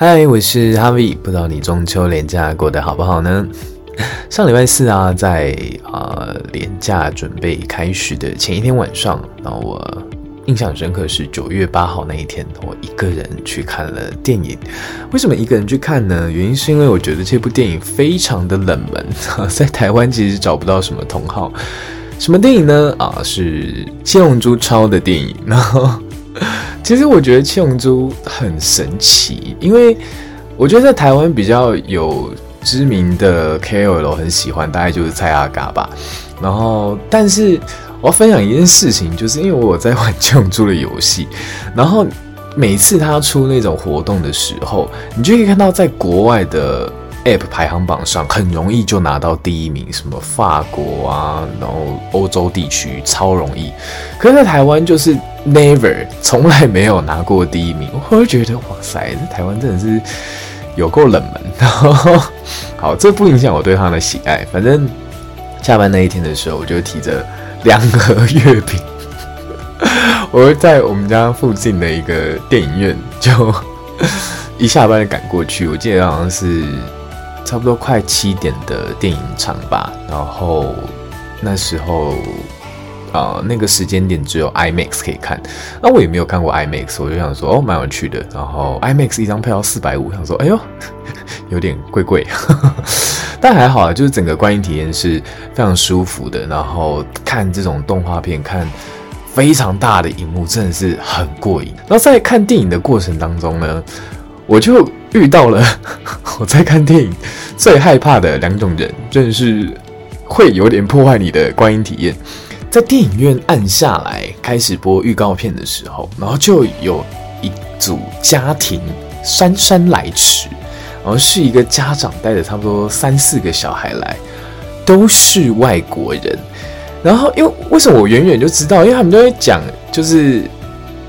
嗨，我是 Harvie。不知道你中秋連假過得好不好呢？上禮拜四啊，在啊、呃、連假準備開始的前一天晚上，然後我印象深刻是九月八號那一天，我一個人去看了電影。為什麼一個人去看呢？原因是因為我覺得這部電影非常的冷門，啊、在台灣其實找不到什麼同好。什麼電影呢？啊，是七龍珠超的電影。然後其實我覺得七龍珠很神奇，因為我覺得在台灣比較有知名的 KOL 很喜歡，大概就是蔡阿嘎吧。然後，但是我要分享一件事情，就是因為我在玩七龍珠的遊戲，然後每次他出那種活動的時候，你就可以看到在國外的。App 排行榜上很容易就拿到第一名，什麼法國啊，然後歐洲地區超容易。可是在台灣就是 Never，從來沒有拿過第一名。我會覺得哇塞，這台灣真的是有夠冷門然後。好，這不影響我對他的喜愛。反正下班那一天的時候，我就提着兩盒月餅，我會在我們家附近的一個電影院就一下班就趕過去。我記得好像是。差不多快七點的電影場吧，然後那時候啊，那個時間點只有 IMAX 可以看。那我也沒有看過 IMAX，我就想說哦，蠻有趣的。然後 IMAX 一張票要四百五，想說哎呦，有點貴貴。 但還好啊，就是整個觀影體驗是非常舒服的。然後看這種動畫片，看非常大的熒幕，真的是很過癮。然後在看電影的過程當中呢，我就遇到了。我在看電影最害怕的兩種人，真的是會有點破壞你的觀影體驗。在電影院暗下來開始播預告片的時候，然後就有一組家庭姍姍來遲，然後是一個家長帶着差不多三四個小孩來，都是外國人。然後因為為什麼我遠遠就知道，因為他們都會講就是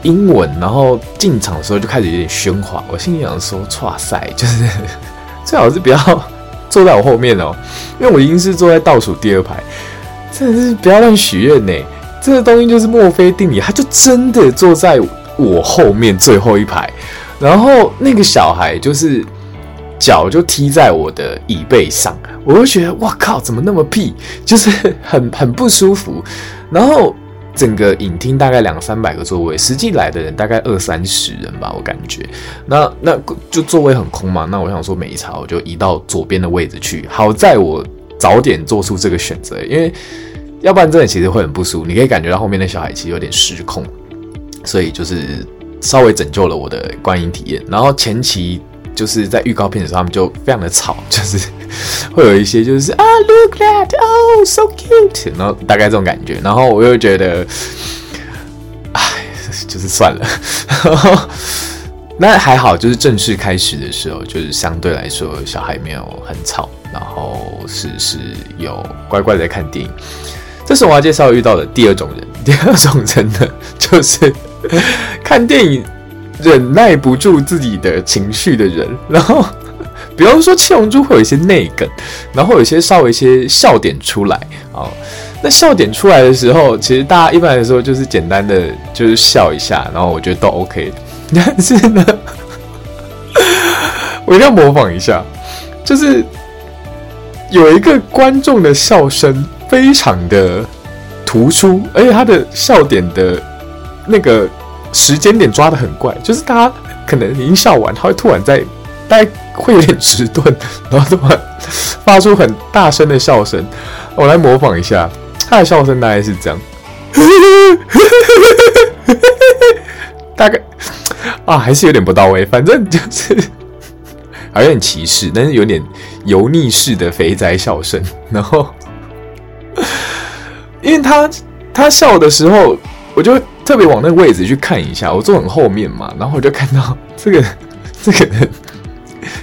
英文，然後進場的時候就開始有點喧嘩，我心裡想說，哇塞，就是。最好是不要坐在我後面哦，因為我已經是坐在倒數第二排。真的是不要亂許願呢，這個東西就是墨菲定理，他就真的坐在我後面最後一排，然後那個小孩就是腳就踢在我的椅背上，我就覺得哇靠，怎麼那麼屁，就是很很不舒服，然後。整個影廳大概兩三百個座位，實際來的人大概二三十人吧，我感覺。那那就座位很空嘛，那我想說，每一場我就移到左邊的位置去。好在我早點做出這個選擇，因為要不然這裡其實會很不舒服。你可以感覺到後面的小孩其實有點失控，所以就是稍微拯救了我的觀影體驗。然後前期。就是在預告片的時候，他們就非常的吵，就是會有一些就是啊、oh,look at oh so cute，然後大概這種感覺，然後我又覺得，哎，就是算了， 然後那還好，就是正式開始的時候，就是相對來說小孩沒有很吵，然後是是有乖乖的在看電影。這是我要介紹遇到的第二種人，第二種人呢就是 看電影。忍耐不住自己的情緒的人，然後比方說七龍珠會有一些內梗，然後有一些稍微一些笑點出來啊。那笑點出來的時候，其實大家一般來說就是簡單的就是笑一下，然後我覺得都 OK。但是呢，我一定要模仿一下，就是有一個觀眾的笑聲非常的突出，而且他的笑點的那個。時間點抓得很怪，就是他可能一笑完，他會突然在，大概會有點遲鈍，然後突然發出很大聲的笑聲。我來模仿一下他的笑聲，大概是這樣，大概啊，還是有點不到位，反正就是還有點歧視，但是有點油膩式的肥宅笑聲。然後，因為他他笑的時候，我就。特別往那個位置去看一下，我坐很後面嘛，然後我就看到這個這個人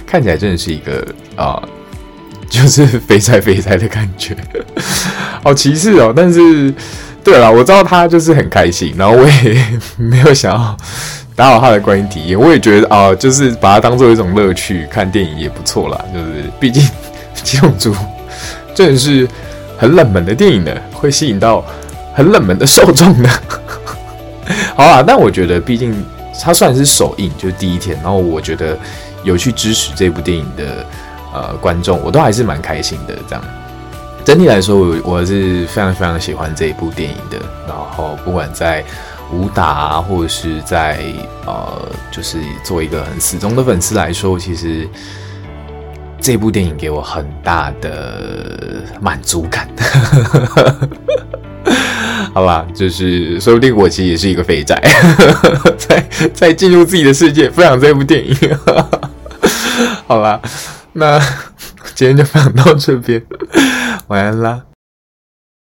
看起來真的是一個啊、呃，就是肥宅肥宅的感覺，好歧視哦！但是對了啦，我知道他就是很開心，然後我也沒有想要打擾他的觀影體驗，我也覺得啊、呃，就是把它當做一種樂趣，看電影也不錯啦，就是畢竟《七龍珠》真的是很冷門的電影的，會吸引到很冷門的受眾的。好啊，但我覺得，畢竟它算是首映，就是第一天。然後我覺得有去支持這部電影的呃觀眾，我都還是蠻開心的。這樣整體來說，我我是非常非常喜歡這一部電影的。然後不管在武打啊，或者是在呃，就是做一個很死忠的粉絲來說，其實這部電影給我很大的滿足感。 好吧，就是說不定我其實也是一個肥宅，在 在進入自己的世界分享這部電影。 好啦，那今天就分享到這邊，晚安啦。